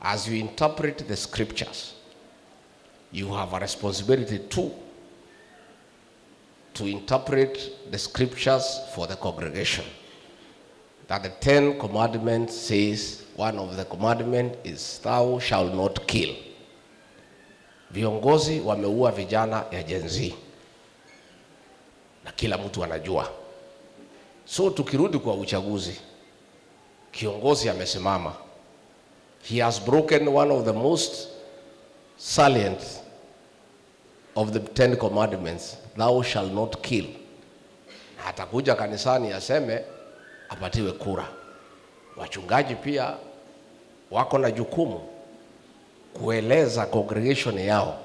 as you interpret the scriptures, you have a responsibility too to interpret the scriptures for the congregation. That the Ten Commandments says one of the commandments is thou shall not kill. Viongozi wameua vijana ya Gen Z na kila mtu anajua. So tukirudi kwa uchaguzi, kiongozi amesimama He has broken one of the most salient of the Ten Commandments, thou shall not kill. Atakuja kanisani aseme apatiwe kura. Wachungaji pia wako na jukumu kueleza congregation yao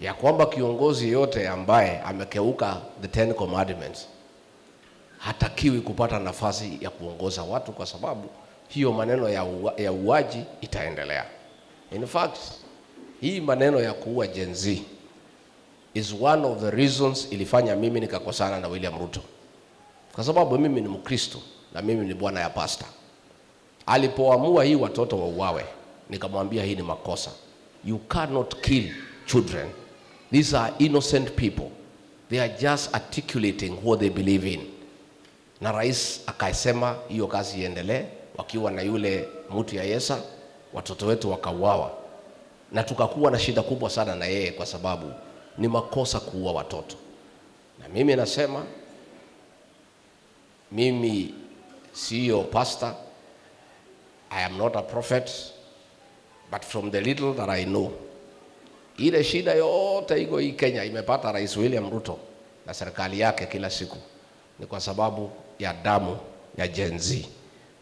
ya kwamba kiongozi yote ambaye amekeuka the Ten Commandments hatakiwi kupata nafasi ya kuongoza watu kwa sababu hiyo maneno ya, uwa, ya uwaji itaendelea. In fact, hii maneno ya kuua Gen Z is one of the reasons ilifanya mimi nikakosana na William Ruto, kwa sababu mimi ni Mkristo na mimi ni bwana ya pasta. Alipoamua hii watoto wauawe, nikamwambia hii ni makosa. You cannot kill children. These are innocent people. They are just articulating what they believe in. Na rais akasema hiyo kazi iendelee wakiwa na yule mtu ya Yesa, watoto wetu wakauawa, na tukakuwa na shida kubwa sana na yeye, kwa sababu ni makosa kuua watoto. Na mimi nasema mimi siyo pastor, I am not a prophet, but from the little that I know, ile shida yote iko hii Kenya imepata Rais William Ruto na serikali yake kila siku ni kwa sababu ya damu ya Gen Z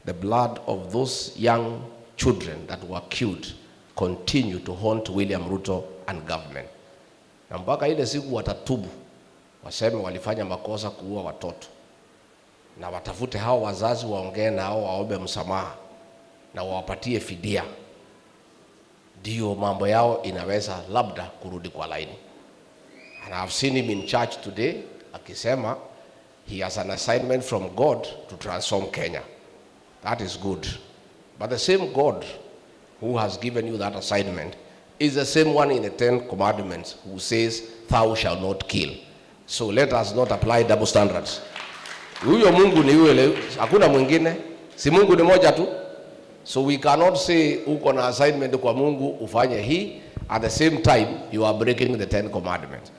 the blood of those young children that were killed continue to haunt William Ruto and government. Na mpaka ile siku watatubu, waseme walifanya makosa kuua watoto, na watafute hao wazazi, waongee hao, waombe msamaha na wawapatie fidia, ndio mambo yao inaweza labda kurudi kwa laini. And I've seen him in church today akisema he has an assignment from God to transform Kenya. That is good. But the same God who has given you that assignment is the same one in the Ten Commandments who says, thou shall not kill. So let us not apply double standards. Huyo Mungu ni yule, hakuna mwingine. Si Mungu ni moja tu. So we cannot say uko na assignment kwa Mungu ufanye hii at the same time you are breaking the Ten Commandments.